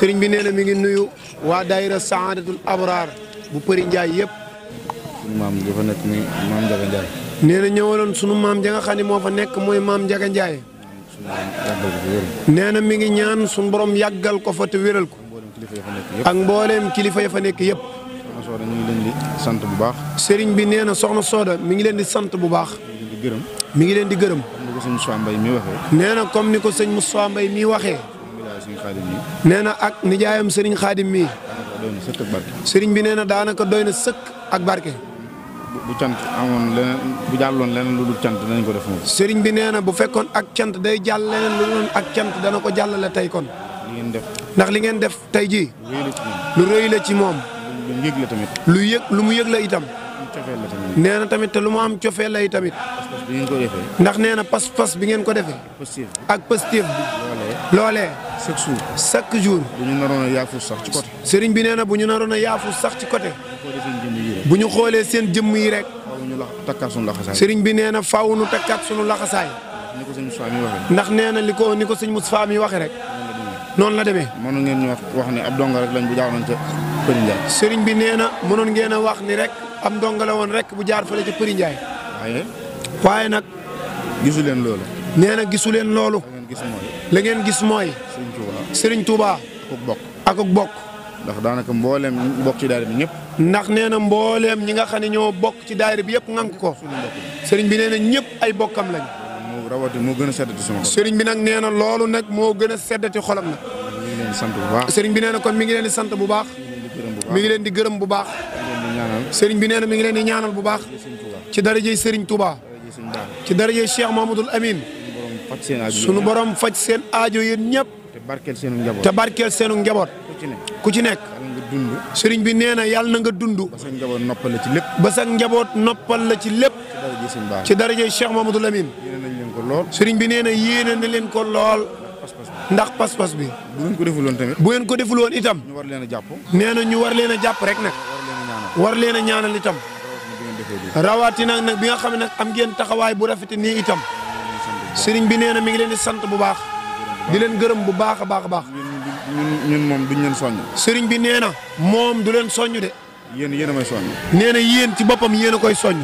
sëriñ bi nee na mi ngi nuyu waa daayira saadatul abraar bu Përi Njaay yëpp. sunu maam ja fa nekk muy maam Njaga Njaay. maam ja nga xam ne moo fa nekk mooy maam Njaga Njaay. nee na mi ngi ñaan sunu borom yàggal ko fa te wéral ko. ak mbooleem kilifa ya fa nekk yépp soxna Soda mi ngi leen di sant bu baax. sëriñ bi nee na soxna Soda mi ngi leen di sant bu baax. mi ngi leen di gërëm. mi ngi leen di gërëm. nee na comme ni ko sëñ Moussa Mbaye mi waxee. nee na ak nijaayam sëriñ xaadim mii. sëriñ bi nee na daanaka doy na sëkk ak barke. bu cant amoon leneen bu jàlloon leneen lu dul cant danañ ko def moom. sëriñ bi nee na bu fekkoon ak cant day jàll leneen lu dul ak cant dana ko jàllale tey kon. ngeen def ndax li ngeen def tey ji lu rëy la ci moom. lu yëg la tamit. lu yëg lu mu yëg la itam. nee na tamit te lu mu am cofee lay tamit. ndax nee na pas-pas bi ngeen ko defee. ak positif bi loolee. chaque jour chaque jour. bu ñu naroon a sëriñ bi nee na bu ñu a ñu xoolee seen jëmm yi rek. faaw ñu la takkaat bi nee na faaw ñu takkaat sunu laxasaay. ni ko sëñ Moustapha mi nee na li ko ni ko sëñ Moustapha waxee rek. noonu la demee. mënoon ngeen ñu wax wax ne ab donga rek bu jaaroon ca Përi Ndiaye. bi nee na mënoon ngeen a wax ni rek am donga la woon rek bu jaar fële ca Përi Ndiaye. waaye. waaye nag. gisu leen loolu. loolu. gis mooy. la ngeen gis mooy. Serigne Touba Serigne Touba. ak ak bokk ak ak bokk. ndax daanaka mbooleem bokk ci daayira bi ñëpp. ndax nee na mbooleem ñi nga xam ne ñoo bokk ci daayira bi yëpp ŋànk ko. Serigne bi nee ñëpp ay bokkam lañ. moo rawati moo gën a seddati sama xol. Serigne bi nag nee na loolu nag moo gën a seddati xolam nag. mi ngi leen bi nee na kon mi ngi leen di sant bu baax. mi leen di gërëm bu baax. sëriñ bi nee na mi ngi leen di ñaanal bu baax. ci darajey Serigne Touba. ci darajey faj seen aajo sunu borom faj seen aajo yéen ñëpp. te barkeel seenu njaboot ku ci nekk ku bi nee na yàlla na nga dund. ba sa njaboot noppal la ci lépp. la ci lépp. ci daraje Cheikh Mamadou Lamine. yéene nañ leen ko lool. sëriñ bi nee na yéene na leen ko lool. ndax pas-pas bi. bu ngeen ko deful woon tamit. bu ngeen ko deful woon itam. ñu war leen a jàpp. nee na ñu war leen a jàpp rek nag. war leen a ñaanal itam. rawaati nag nag bi nga xam nag am ngeen taxawaay bu rafete nii itam sëriñ bi nee na mi ngi leen di sant bu baax. di leen gërëm bu baax a baax a baax. ñun ñun moom duñ leen soññ. sëriñ bi nee na. moom du leen soññ de. yéen yéen a may soññ. nee na yéen ci boppam yéen a koy soññ.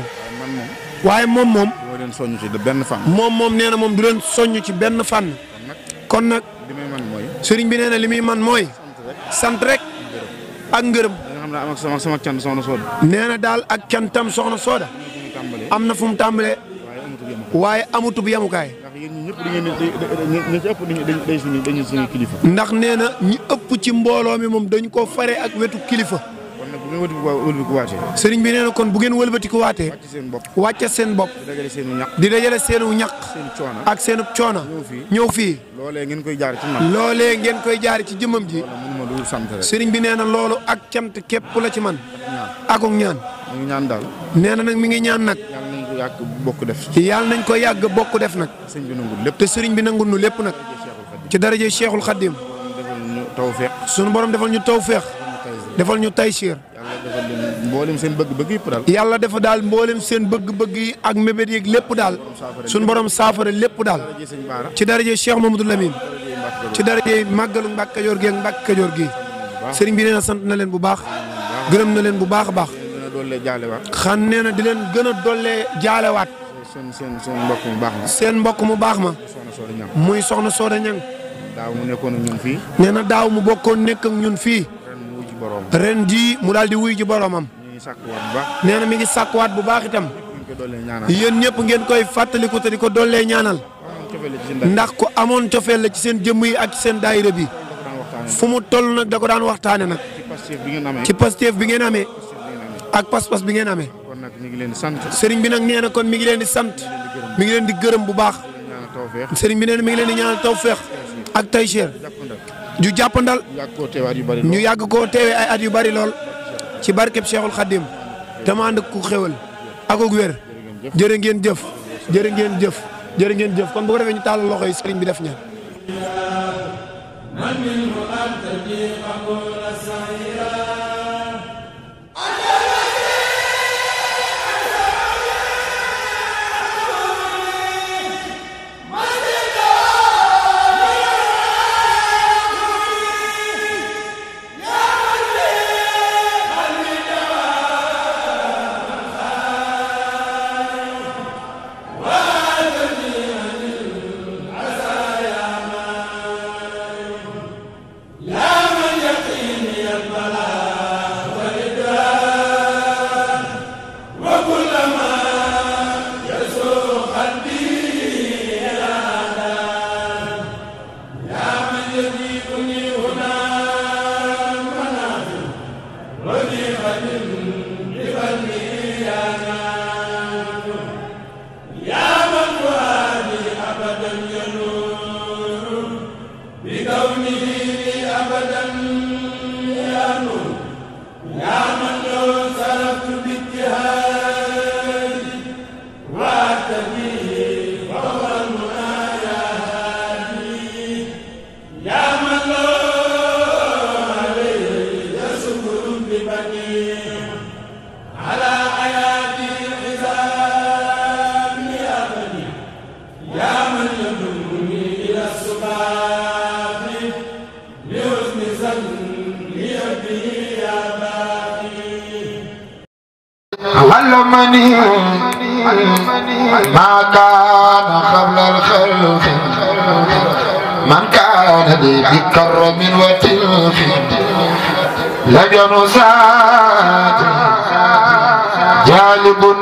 waaye moom moom. doo leen soññ ci benn fànn. moom moom nee na moom du leen soññ ci benn fànn. kon nag li muy man mooy. sëriñ bi nee na li muy man mooy. sant rek. ak ngërëm. nee na daal ak cantam soxna Sooda. am na fu mu tàmbalee. waaye amutub yamukaay. ndax nee na ñi ëpp ci mbooloo mi moom dañ koo fare ak wetu kilifa. sëriñ bi nee kon bu ngeen wëlbati ko waatee. wàcce seen bopp. di dajale seenu ñaq. ak seenu coona ñëw fii. loolee ngeen koy jaar ci man. loolee ngeen koy jaar ci jëmmam ji. sëriñ bi nee na loolu ak cant képp la ci man. akook ñaan. nee na nag mi ngi ñaan nag. yàgg bokk def. yàlla nañ ko yàgg bokk def nag. sëriñ bi nangul lépp te sëriñ bi nangul nu lépp nag. ci daraje Cheikhul Khadim. sunu borom defal ñu tawféex. defal ñu taysiir. mboolem seen bëgg-bëgg yëpp daal. yàlla dafa daal mboolem seen bëgg-bëgg yi ak mébét yeeg lépp daal. suñu borom saafara lépp daal. ci daraje Cheikh Mamadou Lamine. ci daraje màggalu Mbàkke Kajoor gi ak Mbàkke Kajoor gi. sëriñ bi nee na sant na leen bu baax. gërëm na leen bu baax a baax. dolle jaalewaat. xan nee na di leen gën a dolle jaalewaat. seen seen seen mbokk mu baax ma. seen mbokk mu baax ma. muy soxna Sooda Ñang daaw mu nekkoon ak ñun fii. nee na daaw mu bokkoon nekk ñun fii. ren di mu daal di wuy ji boromam. nee na mi ngi sàkkuwaat bu baax itam. yéen ñëpp ngeen koy fàttaliku te di ko dollee ñaanal. ndax ku amoon cofeel la ci seen jëmm yi ak ci seen daayira bi fu mu toll nag da ko daan waxtaane nag. ci pasteef bi ngeen amee. ak pas-pas bi ngeen amee. kon nag mi ngi leen di sant. sëriñ bi nag nee na kon mi ngi leen di sant. mi ngi leen di gërëm bu baax. sëriñ bi nee na mi ngi leen di ñaanal tawféex. ak tayseer. ju jàpp jàppandal. ñu yàgg koo teewee ay at yu bari lool. ci barkeb Cheikhul Khadim. dama ànd ku xéwal. ak ak wér. jërë ngeen jëf. jër ngeen jëf. jërë ngeen jëf kon bu ko defee ñu tàllal loxo yi sëriñ bi def ñaan.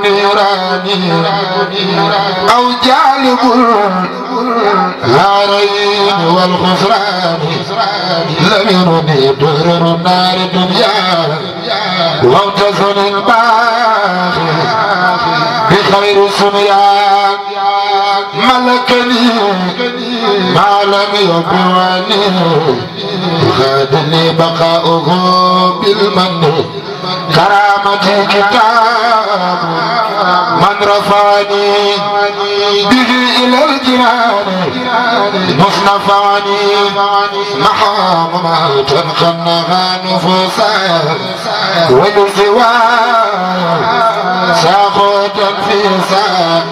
نوراني أو جالب الهارين والخسران لم يرني دور النار دنيا وانتصر الباخر بخير سنيان ملكني ما لم يكن خادني بقاؤه بالمن كرامتي كتاب عني به إلى الجنان مصنفاني محام ما تنخنها نفوسا والزوا ساخوتا فيسا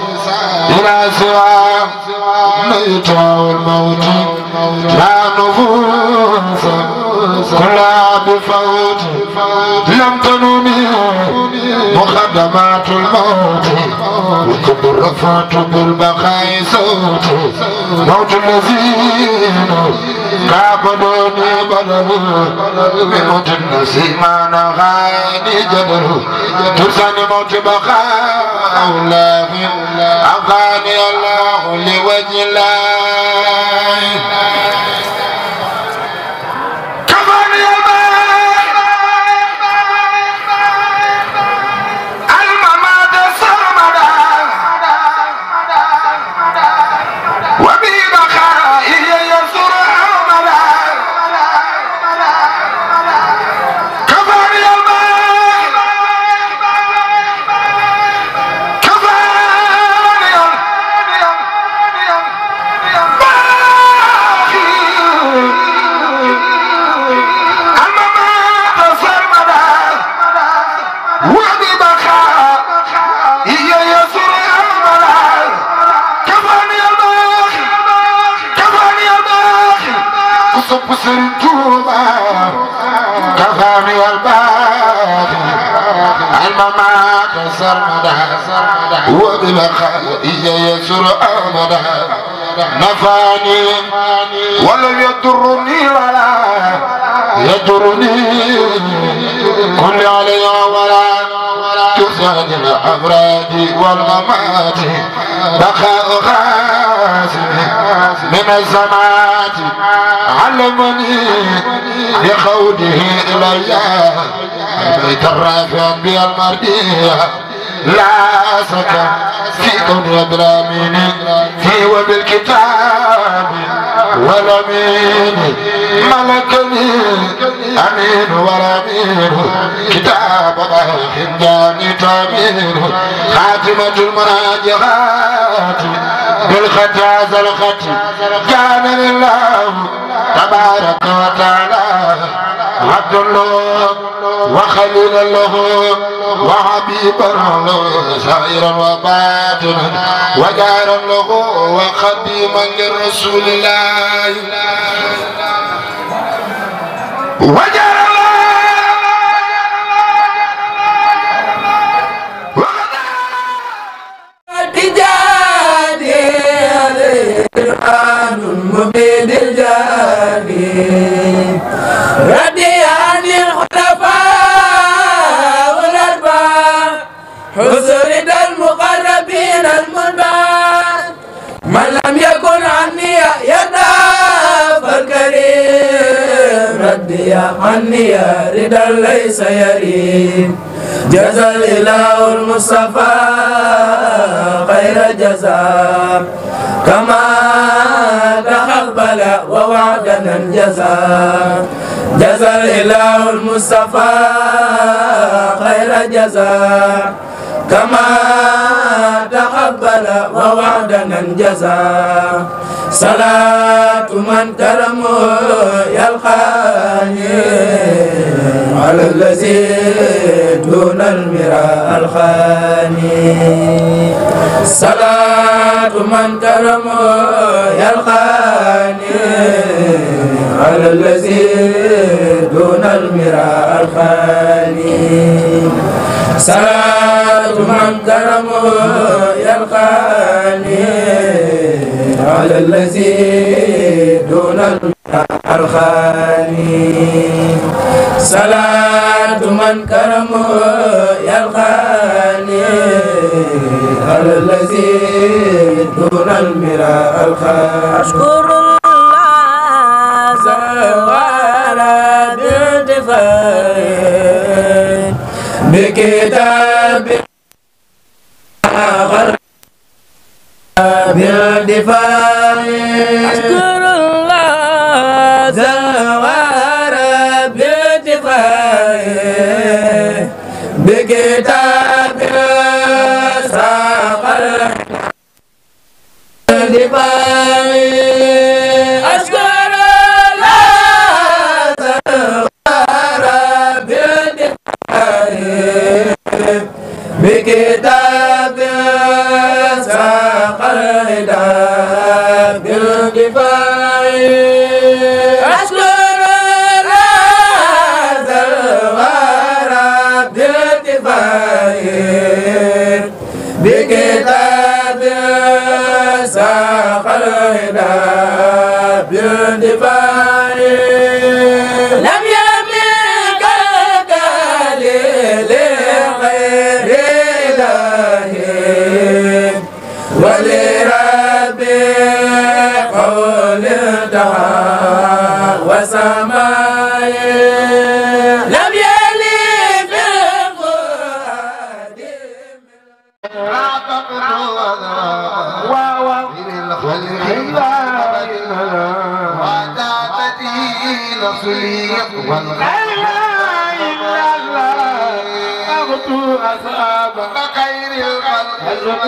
إلى سوى ميت والموت لا نفوسا كلها بالفوت يمتن مقدمات الموت وكب الرفعت بالبقاء صوت موت الذين كابدوني بدر بموت النسيم انا غايني جدر ترسل موت بقاء الله اغاني الله لوجه الله لقد إذا يسر أمرا نفعني ولم يضرني ولا يضرني كل علي ولا تسال الأمراض والغمات بقاء غازل من الزمات علمني بقوله إلي البيت الرافع بالمرضية لا سكا فيكم غبرامين في وبالكتاب والأمين ملكني أمين والأمين كتاب الله الحمدان تامين خاتمة المناجحات بالخطا زلخت كان لله تبارك وتعالى عبد الله وخليل الله وحبيبا له شاعرا وباطنا وجارا له وخديما لرسول الله وجارا عني رضا ليس يريد جزى الإله المصطفى خير جزاء كما دخل بلا ووعدنا الجزاء جزى الإله المصطفى خير جزاء كما تقبل ووعدنا الجزاء صلاة من كرمه يلقى على الذي دون المراء الخاني صلاة من كرم يا الخاني على الذي دون المراء الخاني صلاة من كرم يا الخاني على الذي دون الأرخان صلاة من كرمه يلقاني على الذي دون المراء الخان أشكر الله زوال بانتفاع بكتاب دفاع أشكر الله زوار باتفاعي بكتاب وحدها وسمايا لم يلي بالقرآن والخير والخير أصحاب خير الخلق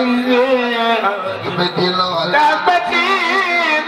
بدل ولا بديل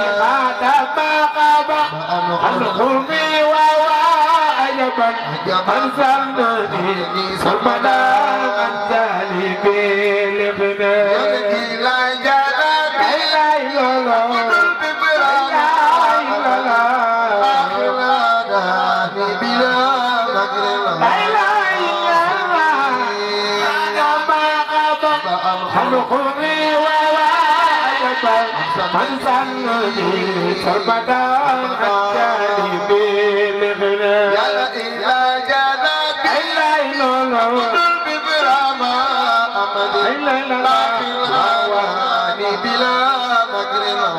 الغربي وعجبا من سرني سرمدا الجهل بالابن لا جلال لا يلوم من سنه سربدا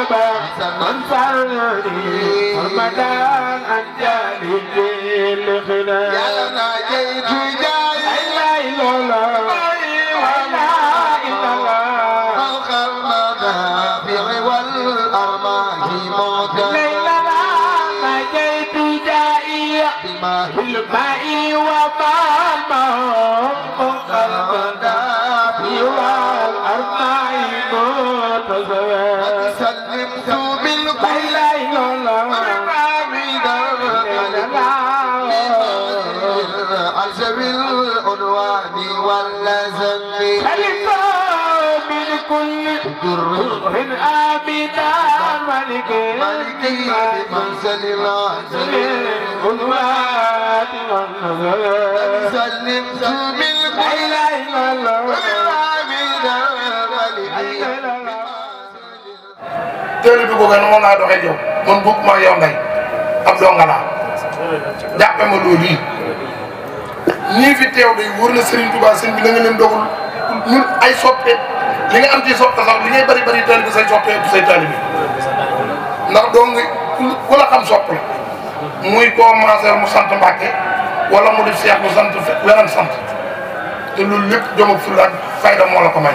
الجبا انصرني رمضان انجاني الخلاف يا ناجيت جاي لا اله الا الله الكابتن ملك ملكي بمنزل العزل الغنوات والنزل سلمت ملك لا اله الا الله teel bi bëgg na moom laa doxee yow man bëgg maa yow ngay ab donga laa jàppe ma loolu yi ñii fi teew day wóor na Serigne Touba sëñ bi da nga leen dogul ñun ay soppe li nga am ci soppe sax li ngay bëri bëri taalibi say soppe ëpp say taalibi ndax doo nga ku la xam sopp la muy koo maaseer mu sant Mbàkke wala mu def seex mu sant weneen sant te loolu lépp jom ak fulla ak fayda moo la ko may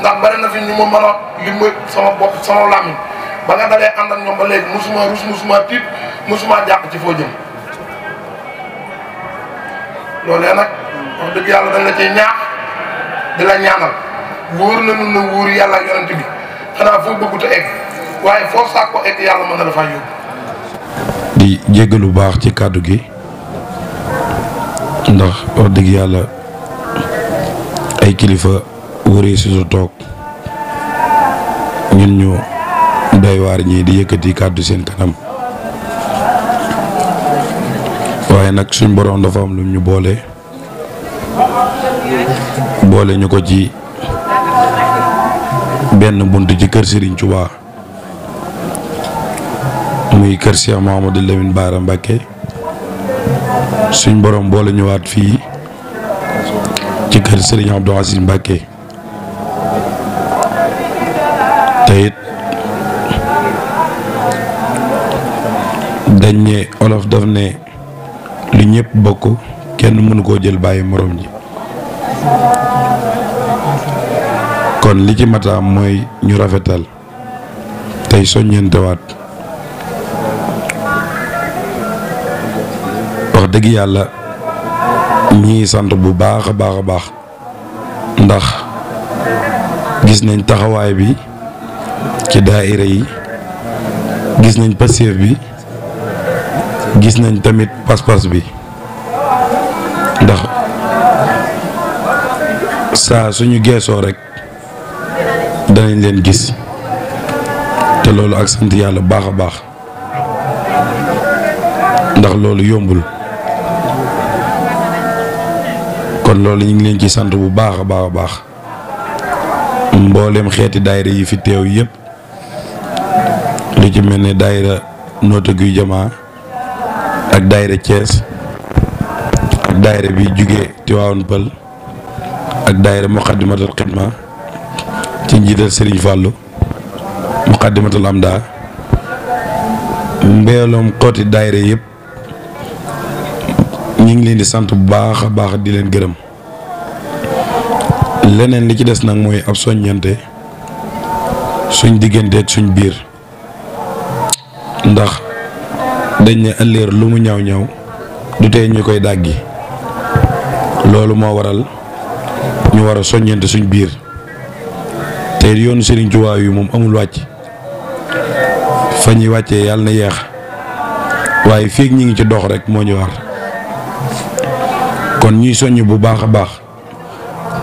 ndax bari na fi ñu ma mën a li ma sama bopp sama làmmiñ ba nga dalee ànd ba léegi musuma rus musuma tiit musuma jàpp ci foo jëm loolee nag wax dëgg yàlla dañ la ciy ñaax di la ñaanal wóor na nun na wóor yàlla ak yonent bi xanaa foo bëggut a waaye foo saako egg yàlla mën na la faa yóbbu di jéggalu baax ci kàddu gi ndax wax dëgg yàlla ay kilifa wëree si su toog ñun ñu doy waar ñii di yëkkati kàddu seen kanam waaye nag suñ boroom dafa am lu ñu boole boole ñu ko ci benn bunt ci kër Serigne Touba muy kër Cheikh Mahamadou Lamine Bara Mbacké suñ borom boole ñëwaat fii ci kër Serigne Abdou Aziz Mbacké te it dañ ne olof daf ne lu ñëpp bokk kenn mënu koo jël bàyyi morom ji kon li ci mataam mooy ñu rafetal tey soññeentewaat wax dëgg yàlla ñii sant bu baax a baax a baax ndax gis nañ taxawaay bi ci daayira yi gis nañ passeef bi gis nañ tamit pas-pas bi ndax saa suñu geesoo rek danañ leen gis te loolu ak sant yàlla baax a baax ndax loolu yombul kon loolu ñu ngi leen ci sant bu baax a baax a baax mbooleem xeeti daayira yi fi teew yëpp lu ci mel ne daayira noota guy jamaa ak daayira Thiès ak daayira bi jugee Tivaouane Pël ak daayira Moukhaddamatoul Khidma ci njiital Serigne Fallou muqaddimatul amda mbeeloom xooti daayira yëpp ñu ngi leen di sant bu baax a baax di leen gërëm leneen li ci des nag mooy ab soññante suñ digganteeg suñu biir ndax dañ ne ëllëer lu mu ñaw ñaw du tee ñu koy dàggi loolu moo waral ñu war a suñu biir te yoonu Serigne Touba yi moom amul wàcc fa ñuy wàccee yàlla na yeex waaye fii ñi ngi ci dox rek moo ñu war kon ñuy soññ bu baax a baax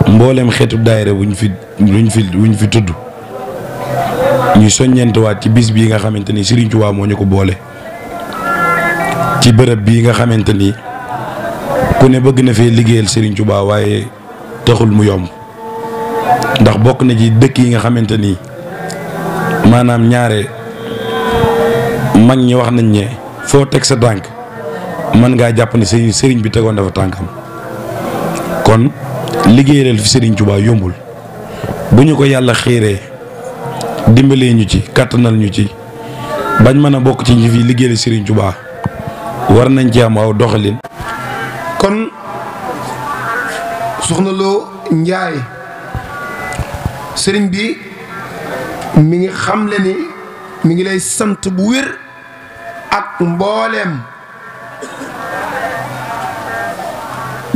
mbooleem xeetu daayira bu ñu fi bu fi bu ñu fi tudd ñuy soññeentewaat ci bis bi nga xamante ni Serigne Touba moo ñu ko boole ci bërëb bii nga xamante ni ku ne bëgg na fee liggéeyal Serigne Touba waaye taxul mu yomb. ndax bokk na ci dëkk yi nga xamante ni maanaam ñaare mag ñi wax nañ ne foo teg sa tànk mën ngaa jàpp ne sëriñ sëriñ bi tegoon dafa tànkam kon liggéeyal fi sëriñ Tuubaa yombul bu ñu ko yàlla xiiree dimbalee ñu ci kàttanal ñu ci bañ mën a bokk ci ñu fi liggéeyal sëriñ Tuubaa war nañ ci am aw doxalin kon soxna Lo Njaay sëriñ bi mi ngi xamle ni mi ngi lay sant bu wér ak mbooleem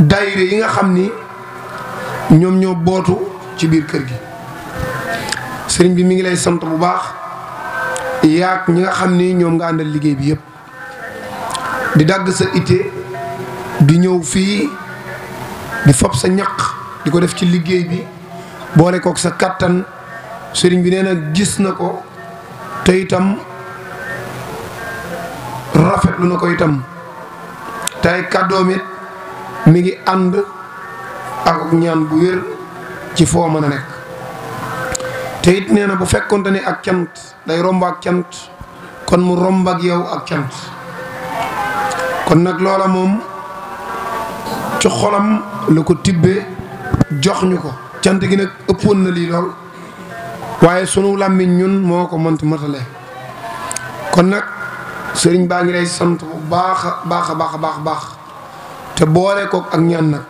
daayira yi nga xam ni ñoom ñoo bootu ci biir kër gi sëriñ bi mi ngi lay sant bu baax yaak ñi nga xam ni ñoom nga àndal liggéey bi yépp di dagg sa itte di ñëw fii di fob sa ñaq di ko def ci liggéey bi boole kook sa kàttan sëriñ bi nee na gis na ko te itam lu na ko itam tey kàddoom it mi ngi ànd ak ñaan bu wér ci foo mën a nekk te it nee na bu fekkonte ni ak cant day romb ak cant kon mu romb ak yow ak cant kon nag loola moom ci xolam la ko tibbee jox ñu ko cant gi nag ëppoon na lii lool waaye sunu làmmiñ ñun moo ko mënt matale kon nag sëriñ baa ngi lay sant bu baax a baax a baax a baax baax te booree kook ak ñaan nag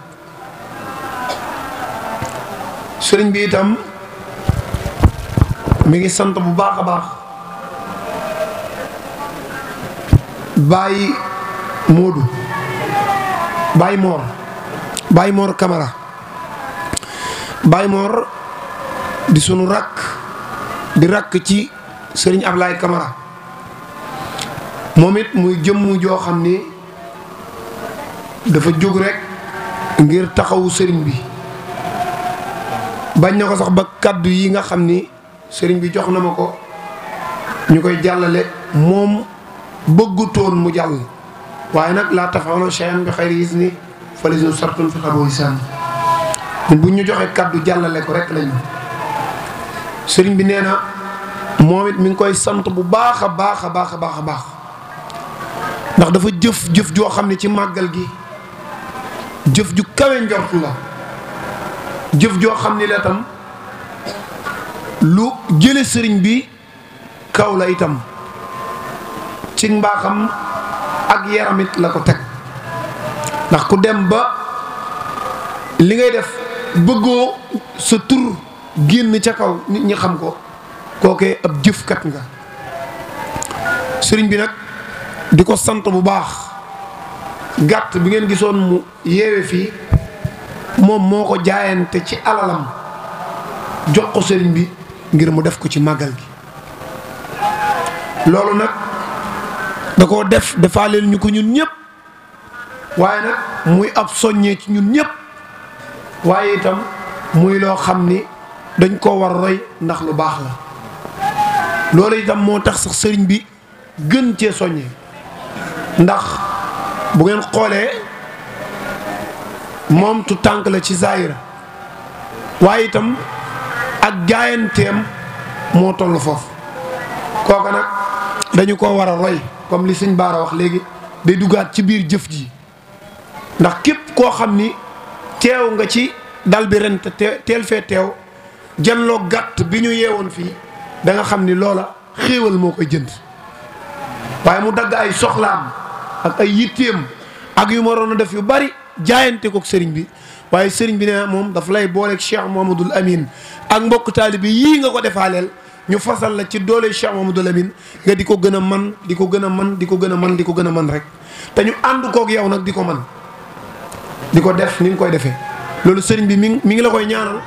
sëriñ bi itam mi ngi sant bu baax a baax bàyyi Moodu bàyyi Moor bàyyi Moor Camara Baye Mor di suñu rakk di rakk ci sëriñ Ablaye Camara moom it muy jëmm joo xam ni dafa jóg rek ngir taxawu sëriñ bi bañ na ko sax ba kàddu yi nga xam ni sëriñ bi jox na ma ko ñu koy jàllale moom bëggutoon mu jàll waaye nag laa tafaalo cheyan bi xayri is ni falisnu sartun fi xaboo isaan ñun bu ñu joxee kàddu jàllale ko rek lañu sëriñ bi nee na moom it mi ngi koy sant bu baax a baax a baax a baax a baax ndax dafa jëf jëf joo xam ne ci màggal gi jëf ju kawe njort la jëf joo xam ne la tam lu jële sëriñ bi kaw la itam ci mbaaxam ak yaramit la ko teg ndax ku dem ba li ngay def bëggoo sa tur génn ca kaw nit ñi xam ko kookee ab jëfkat nga sëriñ bi nag di ko sant bu baax gàtt bi ngeen gisoon mu yeewe fii moom moo ko jaayante ci alalam jox ko sëriñ bi ngir mu def ko ci màggal gi loolu nag da koo def defaaleel ñu ko ñun ñëpp waaye nag muy ab soññee ci ñun ñëpp waaye itam muy loo xam ni dañ koo war a roy ndax lu baax la loolu itam moo tax sax sëriñ bi gën cee soññe ndax bu ngeen xoolee moom tu tànk la ci zaahira waaye itam ak jaayanteem moo toll foofu kooka nag dañu ko war a roy comme li sëñ Baara wax léegi day duggaat ci biir jëf ji ndax képp koo xam ni teew nga ci dal bi ren te teel fee teew janloo gàtt bi ñu yeewoon fii danga xam ni loola xéewal moo koy jënd waaye mu dagg ay soxlaam ak ay yitteem ak yu ma waroon a def yu bari jaayante kook sëriñ bi waaye sëriñ bi nee moom daf lay booleeg Cheikh Mouhamadoul Amine ak mbokk taali bi yii nga ko defaaleel ñu fasal la ci doole Cheikh Mouhamadoul Amine nga di ko gën a man di ko gën a man di ko gën a man di ko gën a man rek te ñu ànd kook yow nag di ko man di ko def ni nga koy defee loolu sëriñ bi mi mi ngi la koy ñaanal.